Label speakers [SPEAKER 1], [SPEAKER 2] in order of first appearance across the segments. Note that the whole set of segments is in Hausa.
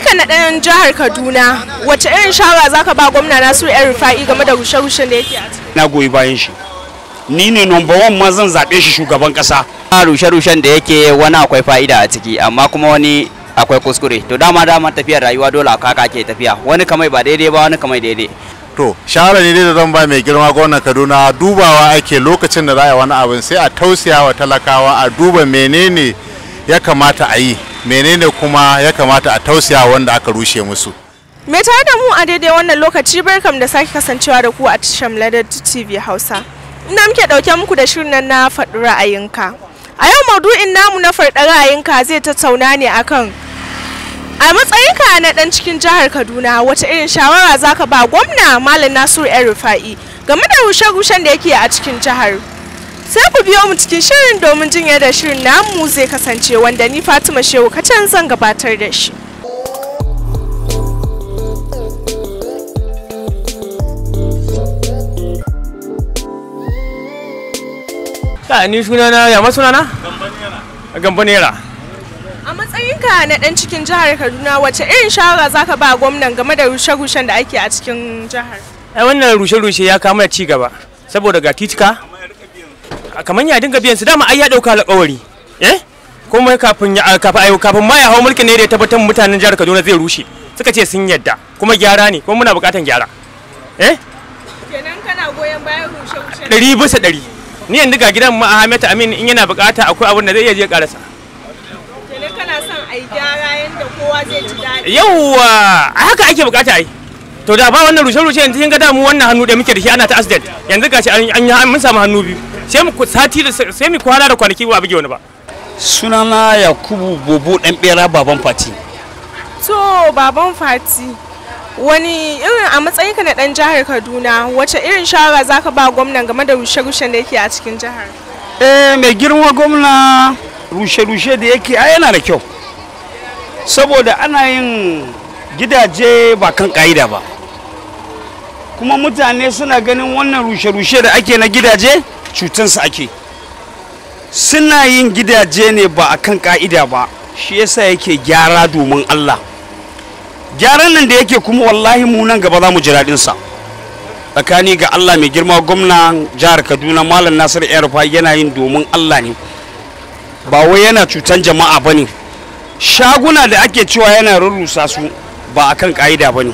[SPEAKER 1] Ka na ɗayan jihar kaduna wace irin shawara za ka ba gwamna nasiru yan rufa'i game da rushe-rushen da yake
[SPEAKER 2] na goyi bayan shi ni ne number one ma zan zaɓe shi shugaban ƙasa rushe-rushen da yake wani akwai fa'ida a ciki amma kuma wani akwai kuskure to dama dama tafiyar rayuwa dole ka ke tafiya wani kamai ba daidai ba wani kamai daidai
[SPEAKER 3] to shawara ne da zan ba mai girma gwamnan kaduna dubawa ake lokacin da za a wani abin sai a tausaya wa talakawa a duba menene ya kamata a yi menene kuma ya kamata a tausaya wanda aka rushe musu
[SPEAKER 1] me tare da mu a daidai wannan lokaci barkam da sake kasancewa da ku a shamladar tv hausa ina muke dauke muku da shirin nan na faɗi ra'ayinka a yau maudu'in namu na faɗi ra'ayinka zai tattauna ne akan a matsayinka na dan cikin jihar kaduna wace irin shawara zaka ba gwamna malam nasiru yan rufa'i game da rushe-rushen da yake a cikin jihar sai ku biyo mu cikin shirin domin jin yadda shirin namu zai kasance wanda ni fatima shehu kacan zan gabatar da shi
[SPEAKER 4] ta ni sunana ya gambanera
[SPEAKER 1] a matsayinka na dan cikin jihar kaduna wace irin shawara zaka ba gwamnan game da rushe-rushen da ake a cikin jihar
[SPEAKER 4] wannan rushe-rushe ya kama ci gaba saboda ga titika kamar ya dinga biyan su dama ai ya dauka alƙawari eh kuma kafin ya kafin kafin ma ya hawo mulkin ne da ya tabbatar mutanen jihar Kaduna zai rushe suka ce sun yadda kuma gyara ne kuma muna bukatan gyara eh
[SPEAKER 1] kenan kana goyon bayan rushe rushe ɗari bisa ɗari
[SPEAKER 4] ni yanzu ga gidan ma Ahmed Amin in yana bukata akwai abin da zai iya je karasa
[SPEAKER 1] kenan kana son ai gyara yanda kowa zai ji
[SPEAKER 4] daɗi A haka ake bukata ai to da ba wannan rushe rushe yanzu kin ga da mu wannan hannu da muke da shi ana ta accident yanzu gashi an an mun samu hannu biyu sai mu sati da sai mu kwana da kwanaki ba wani ba sunana yakubu bobo dan baban fati
[SPEAKER 1] to baban fati wani irin a matsayin ka na dan jihar kaduna wace irin shawara zaka ba gwamnan game da rushe-rushen da yake a cikin jihar
[SPEAKER 4] eh mai girma gwamna rushe-rushe da yake a yana da kyau saboda ana yin gidaje ba kan ka'ida ba kuma mutane suna ganin wannan rushe-rushe da ake na gidaje cutansu ake suna yin gidaje ne ba a kan ka'ida ba shi yasa yake gyara domin allah gyaran nan da yake kuma wallahi mu nan gaba za mu ji sa tsakani ga allah mai girma gwamna jihar kaduna malam nasir yarfa yana yin domin allah ne ba wai yana cutan jama'a ba ne shaguna da ake cewa yana rurrusa su ba a kan ka'ida ba ne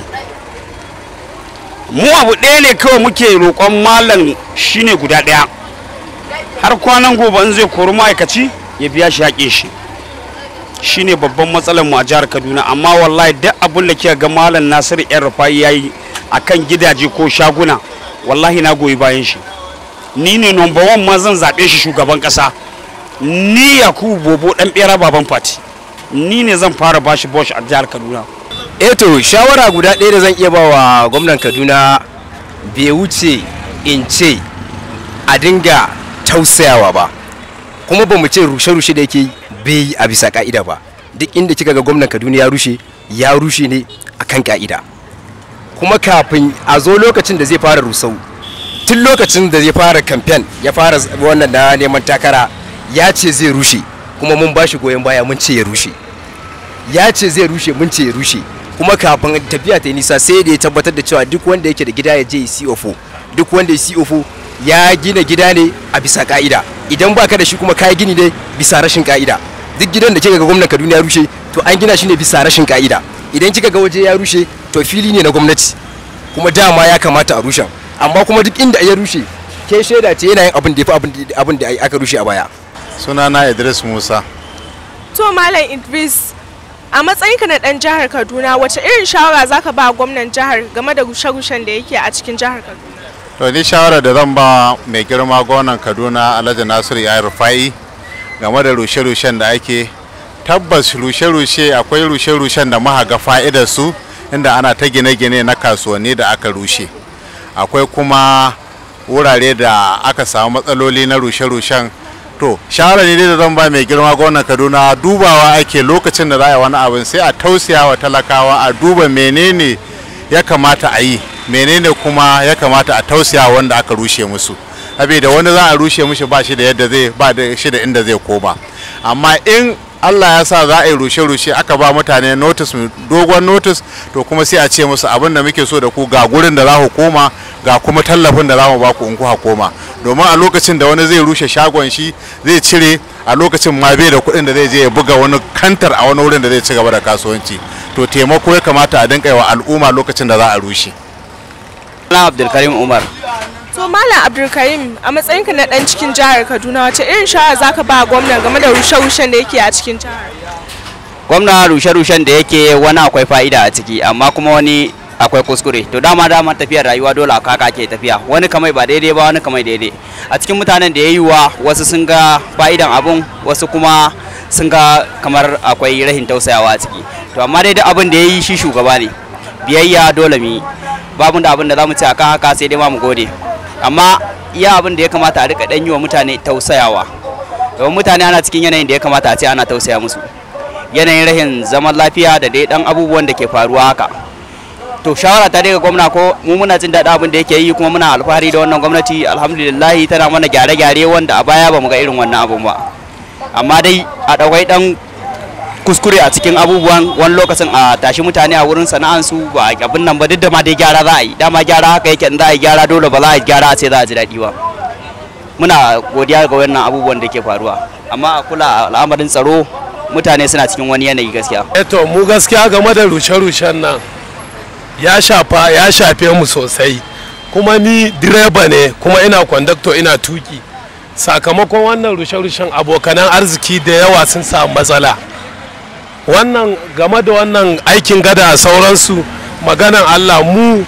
[SPEAKER 4] mu abu ɗaya ne kawai muke roƙon malam shine guda ɗaya har kwanan gobe in zai kori ma'aikaci ya biya shi haƙe shi shine babban matsalar mu a jihar kaduna amma wallahi duk abin da kika ga malam nasiru yan rufai ya yi a kan gidaje ko shaguna wallahi na goyi bayan shi ni ne nomba wan ma zan zaɓe shi shugaban ƙasa ni yakubu bobo ɗan ɓera baban fati ni ne zan fara bashi bosh a jihar kaduna Eto, eh shawara guda ɗaya da zan iya ba wa gwamnan kaduna bai wuce in ce a dinga tausayawa ba kuma ba mu ce rushe-rushe da yake bai a bisa ka'ida ba duk inda kika ga gwamnan kaduna ya rushe ya rushe ne akan ka'ida kuma kafin a zo lokacin da zai fara rusau tun lokacin da zai fara kamfen ya fara wannan na neman takara ya ce zai rushe kuma mun ba shi goyon baya mun ce ya rushe ya ce zai rushe mun ce ya rushe kuma kafin tafiya ta nisa sai da ya tabbatar da cewa duk wanda yake da gida ya je ya siyo fo duk wanda ya siyo fo. ya gina gida ne a bisa ka'ida idan baka da shi kuma ka gini ne bisa rashin ka'ida duk gidan da kika ga gwamnan Kaduna ya rushe to an gina shi ne bisa rashin ka'ida idan kika ga waje ya rushe to fili ne na gwamnati kuma dama ya kamata a rushe amma kuma duk inda ya rushe ke shaida ce yana yin abin da yafi abin da aka rushe a baya
[SPEAKER 3] sunana Idris Musa
[SPEAKER 1] to malam Idris a matsayinka na dan jihar Kaduna wace irin shawara zaka ba gwamnan jihar game da gushe-gushen da yake a cikin jihar Kaduna
[SPEAKER 3] to ni shawara da zan ba mai girma gonan kaduna alhaji nasiru ya rufa'i game da rushe-rushen da ake tabbas rushe-rushe akwai rushe-rushen da maha ga fa'idarsu inda ana ta gine-gine na kasuwanni da aka rushe akwai kuma wurare da aka samu matsaloli na rushe-rushen to shawara ne da zan ba mai girma gonan kaduna dubawa ake lokacin da za a yi wani abin sai a tausiya wa talakawa a duba menene ya kamata a yi menene kuma ya kamata a tausaya wanda aka rushe musu da wani za a rushe mushi ba shi da yadda zai ba da shi da inda zai koma amma in Allah ya sa za a yi rushe-rushe aka ba mutane notice dogon notice to kuma sai a ce musu abin da muke so da ku ga gurin da za ku koma ga kuma tallafin da za mu ba ku in ku koma domin a lokacin da wani zai rushe shagon shi zai cire a lokacin ma bai da kuɗin da zai je ya buga wani kantar a wani wurin da zai ci gaba da kasuwanci to taimako ya kamata a dinka yi wa al'umma lokacin da za a rushe Malam Abdulkarim Umar.
[SPEAKER 1] To Malam Abdulkarim a matsayinka na dan cikin jihar Kaduna wace irin shawara zaka ba gwamna game da rushe-rushen da yake a cikin jihar?
[SPEAKER 2] Gwamna rushe-rushen da yake wani akwai fa'ida a ciki amma kuma wani akwai kuskure to dama dama tafiyar rayuwa dole ka kake ke tafiya wani kamai ba daidai ba wani kamai daidai a cikin mutanen da ya yi wa wasu sun ga fa'idan abun wasu kuma sun ga kamar akwai rahin tausayawa a ciki to amma dai abin da ya yi shi shugaba ne biyayya dole mu yi babu da abin da mu ci a kan haka sai dai ma mu gode amma iya abin da ya kamata a rika dan yi wa mutane tausayawa domin mutane ana cikin yanayin da ya kamata a ce ana tausaya musu yanayin rahin zaman lafiya da dai dan abubuwan da ke faruwa haka to shawara ta daga gwamna ko mu muna jin daɗin abin da yake yi kuma muna alfahari da wannan gwamnati alhamdulillah tana mana gyare-gyare wanda a baya ba mu ga irin wannan abun ba amma dai a ɗaukai dan kuskure a cikin abubuwan wani lokacin a tashi mutane a wurin sana'ansu ba abin nan ba duk da ma dai gyara za a yi dama gyara haka yake in za a yi gyara dole ba za a yi gyara sai za a ji daɗi ba muna godiya ga wannan abubuwan da ke faruwa amma a kula al'amarin tsaro mutane suna cikin wani yanayi gaskiya
[SPEAKER 5] eto eh mu gaskiya game da rushe-rushen nan ya shafa ya shafe mu sosai kuma ni direba ne kuma ina kwandakto ina tuki sakamakon wannan rushe-rushen abokanan arziki da yawa sun samu matsala wannan game da wannan aikin gada sauransu maganan allah mu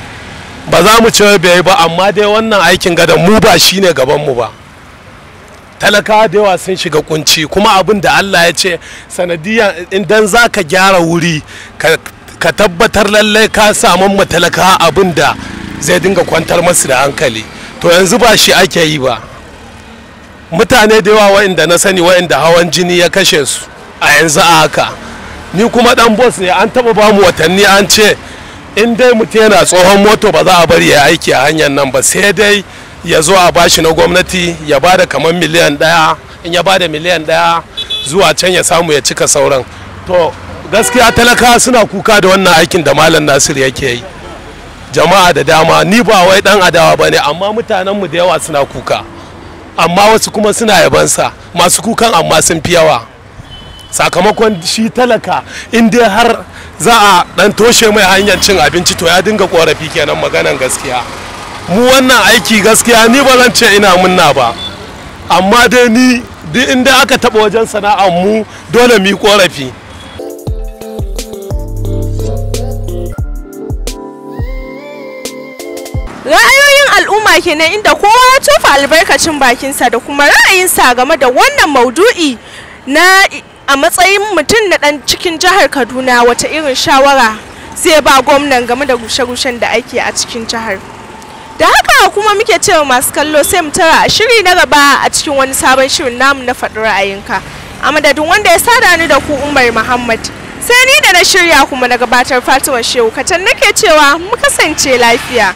[SPEAKER 5] ba za mu cewa bai yi ba amma dai wannan aikin gada mu ba shine gabanmu ba talakawa da yawa sun shiga kunci kuma abin da allah ya ce sanadiyya idan za ka gyara wuri ka tabbatar lallai ka samu ma talakawa abin da zai dinga kwantar masu da hankali to yanzu ba shi ake yi ba mutane da yawa wa'inda na sani wa'inda hawan jini ya kashe su a yanzu a haka ni kuma dan boss ne an taba ba mu watanni an ce in dai mutum yana tsohon moto ba za a bari ya aiki a hanyar nan ba sai dai ya zo a bashi na gwamnati ya bada kamar miliyan daya in ya bada miliyan daya zuwa can ya samu ya cika sauran to gaskiya talaka suna kuka da wannan aikin da malam nasir yake yi jama'a da dama ni ba wai dan adawa ba ne amma mutanenmu da yawa suna kuka amma wasu kuma suna yabansa masu kukan amma sun fi yawa sakamakon shi talaka in dai har za a dan toshe mai hanyar cin abinci to ya dinga korafi kenan maganan gaskiya mu wannan aiki gaskiya ni ba zan ce ina munna ba amma dai ni duk inda aka taba wajen sana'ar mu dole mu yi korafi
[SPEAKER 1] ra'ayoyin al'umma kenan inda kowa ya tofa albarkacin bakinsa da kuma ra'ayinsa game da wannan maudu'i na a matsayin mutum na dan cikin jihar kaduna wata irin shawara zai ba gwamnan game da gushe-gushen da ake a cikin jihar da haka kuma muke cewa masu kallo sai mu tara a shiri na gaba a cikin wani sabon shirin namu na faɗi ra'ayinka a madadin wanda ya sada ni da ku umar muhammad sai ni da na shirya kuma na gabatar fatima shehu katan nake cewa mu kasance lafiya